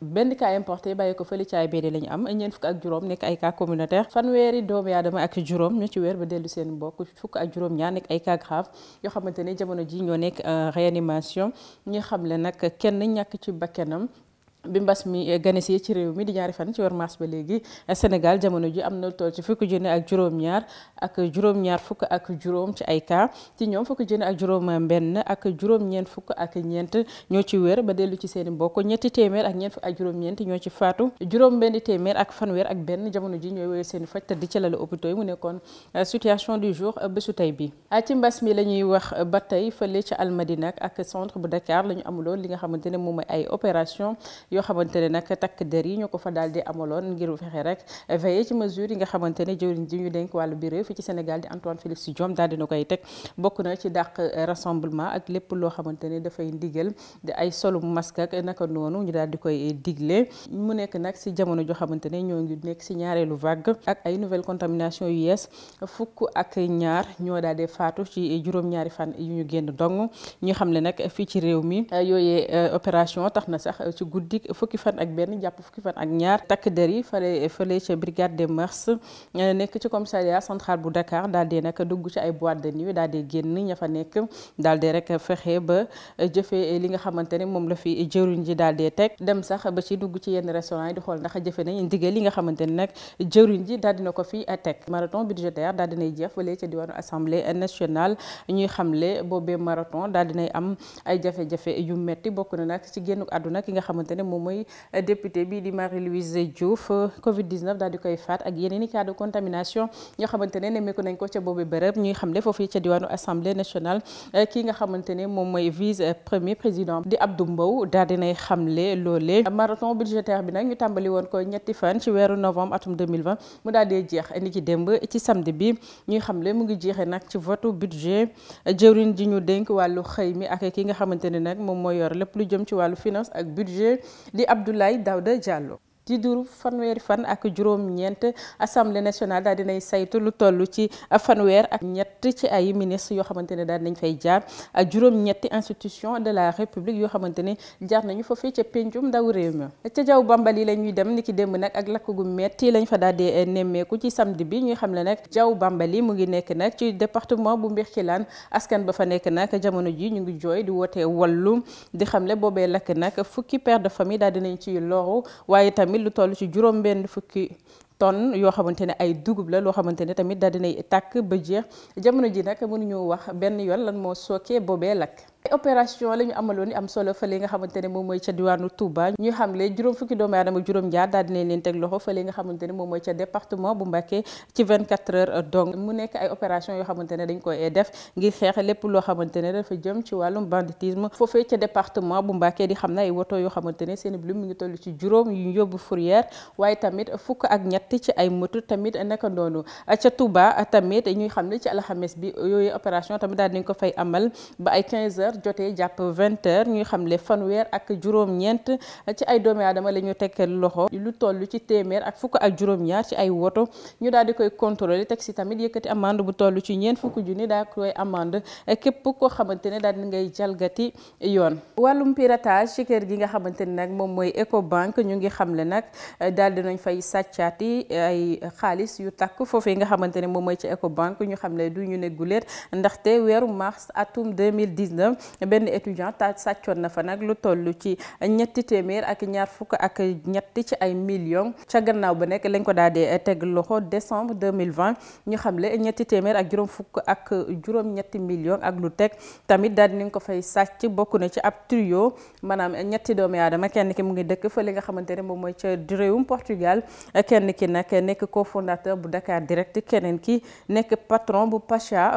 bi benn cas importé bàyyi ko fële ci ay bédé am ñeen fukk ak juróom nekk ay cas communautaire fanweeri doomi aadama ak juróom ñu ci weer ba dellu seen mbokk fukk ak juróom ñaar nekk ay cas grave yoo xamante ne jamono ji ñoo nekk euh, réanimation ñi xam le nag kenn ñàkk ci bakkenam bi mbas mi ganesee ci réew mi di ñaari fan ci war mars ba léegi Sénégal jamono ji am na tool ci fukki junne ak juróom-ñaar ak juróom-ñaar fukk ak juróom ci ay cas ci ñoom fukki junne ak juróom-benn ak juróom-ñeent fukk ak ñeent ñoo ci wér ba dellu ci seen mbokk ñetti téeméer ak ñeent fukk ak juróom-ñeent ñoo ci faatu juróom-benn téeméer ak fanweer ak benn jamono ji ñooy wéy seen faj te di ci lal hôpitaux yi mu nekkoon euh, situation du jour euh, bésu tey bi ah, ci mbas mi la ñuy wax euh, ba tey fële ca Almadina ak centre bu Dakar la ñu lool li nga xamante ne moom ay opération yoo xamante ne nag takk der yi ñoo ko fa daal di amaloon ngir fexe rek veillé ci mesure yi nga xamante ne jëwriñ ji ñu dénk wàllu bi réew fi ci Sénégal di Antoine Félix Diome daal dina koy teg bokk na ci dàq rassemblement ak lépp loo xamante ne dafay ndigal di ay solum masque ak naka noonu ñu daal di koy digle mu nekk nag si jamono joo xamante ne ñoo ngi nekk si ñaareelu vague ak ay nouvelle contamination yu yees fukk ak ñaar ñoo daal di faatu ci juróom-ñaari fan yu ñu génn dong ñu xam ne nag fii ci réew mi yooyee euh, opération tax na sax ci guddi fukki fan ak benn jàpp fukki fan ak ñaar takk der yi fale fale ca brigade des mœurs euh, nekk ci commissariat central bu Dakar daal di nag dugg ci ay boîte de nuit daal di génn fexe li nga xamante ne moom la fi jëriñ ji daal di teg dem sax ba ci dugg ci yenn restaurant yi di xool ndax jëfe nañ ndigal li nga xamante ne nag jëriñ ji daal dina ko fi teg marathon budgétaire daal dinay jeex fale ca diwaanu assemblée nationale ñuy xamle boobee marathon daal dinay am ay jafe-jafe yu metti bokk na nag ci génn àdduna ki moom mooy député bi di Marie-Louise Diouf Covid 19 daal di koy faat ak yeneen i cas de contamination ñoo xamante ne nemmeeku nañ ko ca boobu bërëb ñuy xamle foofu ca diwaanu assemblée ki nga xamante ne moom mooy vice premier président di Abdou Mbow daal dinay xamle loolee maraton budgétaire bi nag ñu tàmbali woon ko ñetti fan ci weeru novembre atum 2020 mu daal dee jeex ni ki demb ci samedi bi ñuy xamle mu ngi jeexee nag ci vote budget jëwriñ ji ñu dénk wàllu xëy mi ak ki nga xamante ne nag moom mooy yor lépp lu jëm ci wàllu finance ak budget li Abdoulaye Daouda Diallo di fanweeri fan ak juróom-ñeent assemblée nationale daal dinay saytu lu toll ci fanweer ak ñett ci ay ministre yoo xamante ne daal dinañ fay jaar ak juróom-ñetti institution de la république yoo xamante ne jaar nañu foofee ca péncum ndaw réew mi ca jaww bambali la ñuy dem ni ki démb nag ak lakk gu metti lañ fa daal di eh, nemmeeku ci samedi bi ñuy xam ne nag jaww bambali mu ngi nekk nag ci département bu Mbirkilane askan ba fa nekk nag jamono ji ñu ngi jooy di wootee wallu di xam le boobee lakk nag fukki père de famille daal dinañ ci loru tamit lu toll ci juróom benn fukki tonne yoo xamante ne ay dugub la loo xamante ne tamit daal dinay takk ba jeex jamono ji nag mënuñu wax benn yoon lan moo sookee boobee lakk opération la ñu amaloon ni am solo fële nga xamante ne moom mooy ca diwaanu Touba ñu xamle juróom fukki doomu aadama juróom-ñaar daal dinañ leen teg loxo fële nga xamante ne moom mooy ca département bu Mbacké ci 24 heures donc mu nekk opération yoo xamante ne dañ koy def ngir xeex lépp loo xamante ne dafa jëm ci wàllum banditisme foofee ca département bu Mbacké di xam ne ay woto yoo xamante ne seen lim mi ngi toll ci juróom yu ñu yóbbu fourrière waaye tamit fukk ak ñett ci ay moto tamit naka noonu ca Touba tamit ñuy xam ne ci alxames bi yooyu opération tamit daal dinañ ko fay amal ba ay 15 heures jotee jàpp vingt heures ñuy xamle fanweer ak juróom-ñeent ci ay doome aadama la ñu loxo lu toll ci téeméer ak fukk ak juróom-ñaar ci ay woto ñu daal di koy contrôler teg si tamit yëkkati amande bu toll ci ñeent fukk junni daa koy amande képp koo xamante ne daal di ngay jalgati yoon. wàllum piratage ci kër gi nga xamante ne nag moom mooy Ecobank ñu ngi xamle nag daal di nañ fay sàccaati ay xaalis yu takk yi nga xamante ne moom mooy ci Ecobank ñu xamle du ñu ne guleet ndaxte weeru mars atum 2019 benn étudiant ta sàccoon na fa nag lu tollu ci ñetti téeméer ak ñaar fukk ak ñetti ci ay millions ca gannaaw ba nekk lañ ko daal di teg loxo décembre 2020 ñu xamle ñetti téeméer ak juróom fukk ak juróom ñetti millions ak lu teg tamit daal dinañ ko fay sàcc bokku na ci ab trio maanaam ñetti doomi aadama kenn ki mu ngi dëkk fa li nga xamante ne moom mooy ca réewum Portugal kenn ki nag nekk cofondateur bu Dakar Direct keneen ki nekk patron bu Pacha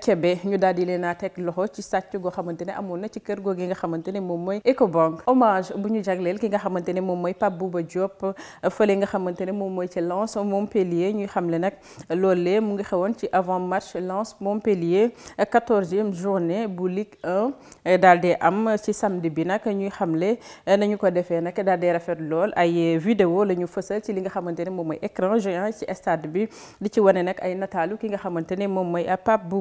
Kébé ñu daal di leen a teg loxo ci sàcc goo xamante ne amoon na ci kër googu yi nga xamante ne moom mooy Ecobank hommage bu ñu jagleel ki nga xamante ne moom mooy Pape Bouba Diop fële nga xamante ne moom mooy ci Lens Montpellier ñuy xamle nag loolee mu ngi xewoon ci avant match Lens Montpellier quatorzième journée bu Ligue 1 daal di am ci samedi bi nag ñuy xamle nañu ko defee nag daal di rafet lool ay video lañu ñu fësal ci li nga xamante ne moom mooy écran géant ci stade bi di ci wane nag ay nataalu ki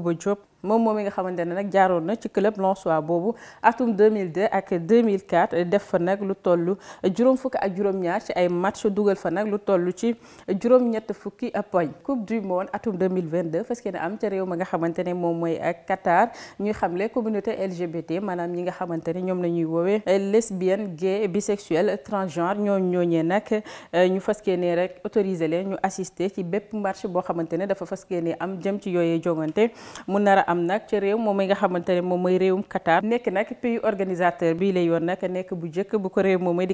Bouba Diop moom moom mi nga xamante ne nag jaaroon na ci club Lensois boobu atum 2002 ak 2004 def fa nag lu tollu juróom fukk ak juróom-ñaar ci ay match dugal fa nag lu toll ci juróom-ñett fukki poñ coupe du monde atum 2022 fas yéene am ca réew ma nga xamante ne moom mooy Qatar ñuy xamle communauté LGBT maanaam ñi nga xamante ne ñoom la ñuy woowee lesbienne gay bisexuel transgenre ñoo ñooñee nag euh, ñu fas yéene rek autorisé leen ñu assister ci bépp marché boo xamante ne dafa fas yéene am jëm ci yooyee jongante am nag moom mi nga xamante moom mooy ko réew moom mooy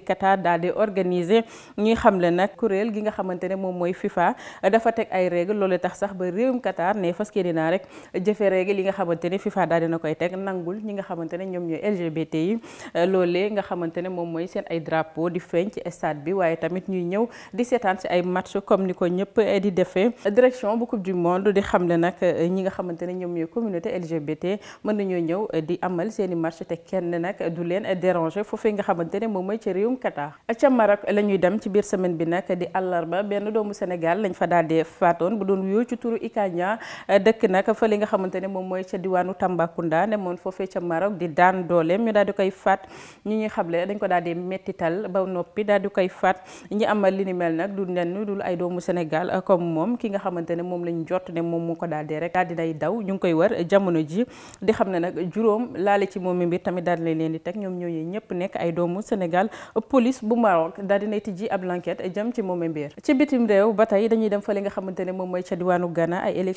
gi nga xamante ne moom mooy FIFA dafa teg ay règle loolu tax ba réewum Qatar ne fas yéene naa nga xamante ne FIFA daal dina koy teg nangul ñi ne ñoom ñooy LGBT yi loolee nga xamante ne moom mooy seen ay drapeau di feeñ ci stade bi waaye tamit ñuy ñëw di seetaan si ay match comme ni ko ñëpp di defee direction bu coupe du monde di xamle nag ñi nga xamante ne ñoom ñooy communauté LGBT mën nañoo ñëw eh, di amal seen i marche te kenn nag du leen déranger foofee nga xamante ne moom mooy ci réewum Qatar. ca Maroc la ñuy dem ci biir semaine bi nag di àllarba benn doomu Sénégal lañ fa daal di faatoon bu doon wuyoo ci turu Ikania eh, dëkk nag fa li nga xamante ne moom mooy ca diwaanu Tambacounda ne moom foofee ca Maroc di daan doole ñu daal di koy faat ñi ñuy xamle dañ ko daal di mettital ba noppi daal di koy faat ñi amal li ni mel nag du nenn dul ay doomu Sénégal eh, comme moom ki nga xamante ne moom lañ jot ne moom moo ko daal di rek daal di daw ñu ngi koy wër feebar jamono ji di xam ne nag juróom laale ci moom mbir tamit daal di leen teg ñoom ñooñu ñëpp nekk ay doomu Sénégal police bu Maroc di nay tijji ab enquête jëm ci moom mbir ci bitim réew ba tey dañuy dem fa li nga xamante ne moom mooy ca diwaanu Ghana ay ne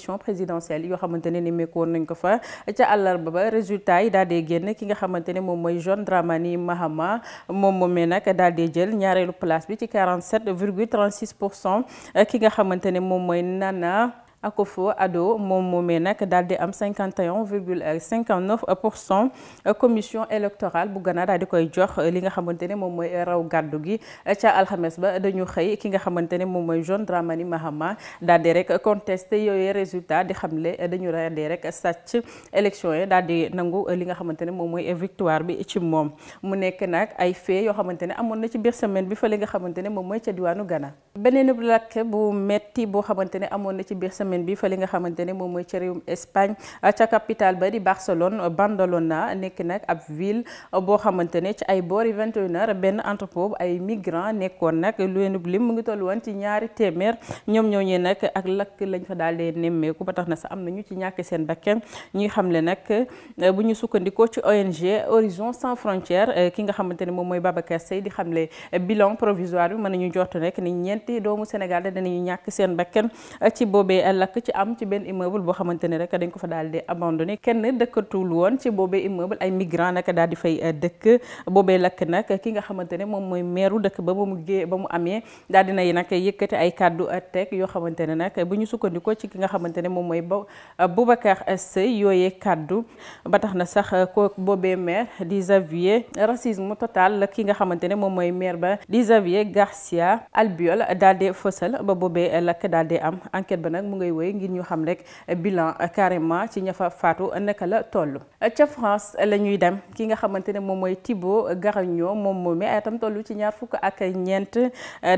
ni meeku woon nañ ko fa ca àllarba ba résultat yi daal di génn ki nga xamante moom mooy John Dramani Mahama moom moomee nag daal di jël ñaareelu place bi ci ki nga xamante moom mooy Nana Akofo Addo moom moomee nag daal di am 51 virgule 59 pour cent commission électorale bu Ghana daal di koy jox li nga xamante ne moom mooy raw gàddu gi ca alxames ba dañu xëy ki nga xamante ne moom mooy John Dramani Mahama daal di rek contesté yooyu résultat di xam xamle dañu daal di rek sàcc élection yi daal di nangu li nga xamante ne moom mooy victoire bi ci moom mu nekk nag ay fee yoo xamante ne amoon na ci biir semaine bi fa li nga xamante ne moom mooy ca diwaanu Ghana beneen lakk bu metti boo xamante amoon na ci biir semaine semaine bi fa li nga xamante ne moom mooy ca réewum Espagne ca capitale ba di Barcelone Badalona nekk nag ab ville boo xamante ne ci ay boori 21h benn entrepôt bu ay migrants nekkoon nag lu leen lim mu ngi toll woon ci ñaari téeméer ñoom ñooñee nag ak lakk lañ fa daal di nemmeeku ba tax na sax am na ñu ci ñàkk seen bakkan ñuy xamle nag bu ñu sukkandikoo ci ONG Horizon Sans Frontières ki nga xamante ne moom mooy Babacar Seye di xamle bilan provisoire bi mën nañu jot rek ni ñeenti doomu Sénégal lakk ci am ci benn immeuble boo xamante ne rek dañ ko fa daal di kenn dëkkatul woon ci boobee immeuble ay migrant nag daal fay eh, dëkk boobee lakk nag ki nga xamante ne moom mooy meeru dëkk ba mu gée ba mu amee daal dinay nag yëkkati ay kàddu eh, teg yoo xamante ne nag bu ñu sukkandikoo ci ki nga xamante ne moom mooy ba eh, Boubacar Seye yooyee kàddu ba tax na sax ko boobee maire di Xavier racisme total la ki nga xamante ne moom mooy maire ba di Xavier Garcia Albiol daal di fësal ba boobee lakk daal di am enquête ba nag mu ngay wéy ngir ñu xam rek bilan carrément ci ña fa faatu naka la toll. ca France la ñuy dem ki nga xamante ne moom mooy Thibaut Garagnon moom moomii ay tam toll ci ñaar fukk ak ñeent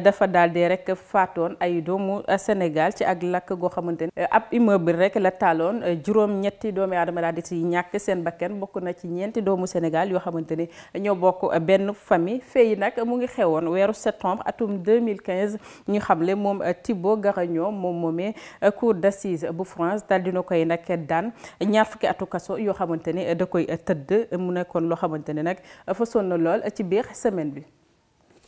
dafa daal rek faatoon ay doomu Sénégal ci ak lakk goo xamante ne ab rek la taaloon juróom-ñetti doomi aadama daal di si ñàkk seen bakkan bokk na ci ñeenti doomu Sénégal yoo xamante ne ñoo benn famille fee yi mu ngi xewoon weeru septembre atum 2015 ñu xamle moom Thibaut Garagnon moom moomee cour d'assises bu France daal dina koy nag daan ñaar fukki atu kaso yoo xamante ne da koy tëdd mu nekkoon loo xamante ne nag fasoon na lool ci biir semaine bi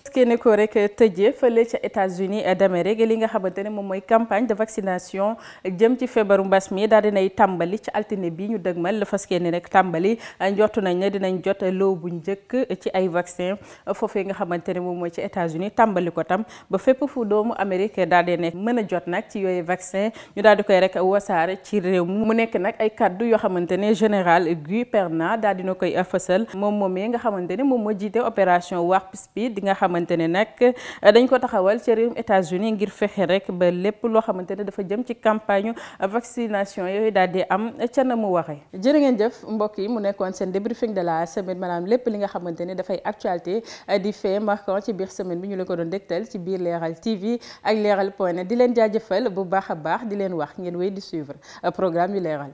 fëskee ne ko rek tëjee fële ca États-Unis d'Amérique li nga xamante ne moom mooy campagne de vaccination jëm ci feebaru mbas mi daal dinay tàmbali ci altine bi ñu dëgmal fëskee ne rek tàmbali njortu nañ ne dinañ jot loo bu njëkk ci ay vaccin foofee nga xamante ne moom mooy ci États-Unis tàmbali ko tam ba fépp fu doomu Amérique daal di nekk mën a jot nag ci yooyu vaccin ñu daal di koy rek wasaare ci réew mu nekk nag ay kaddu yoo xamante ne général Guy Perna daal dina koy fësal moom moomee nga moom moo jiite opération Warp Speed di nga xamante ne nag eh, dañ ko taxawal ci réewum États-Unis ngir fexe rek ba lépp loo xamante ne dafa jëm ci campagne vaccination yooyu daal di am eh, ca na mu waxee. jërë ngeen jëf mbokk yi mu nekkoon seen débriefing de la semaine manaam lépp li nga xamante ne dafay actualité eh, di fait marquant ci biir semaine bi ñu la ko doon dégtal ci biir Leral TV ak leexal point net di leen jaajëfal bu baax a baax di leen wax ngeen wéy di suivre programme yi Leral.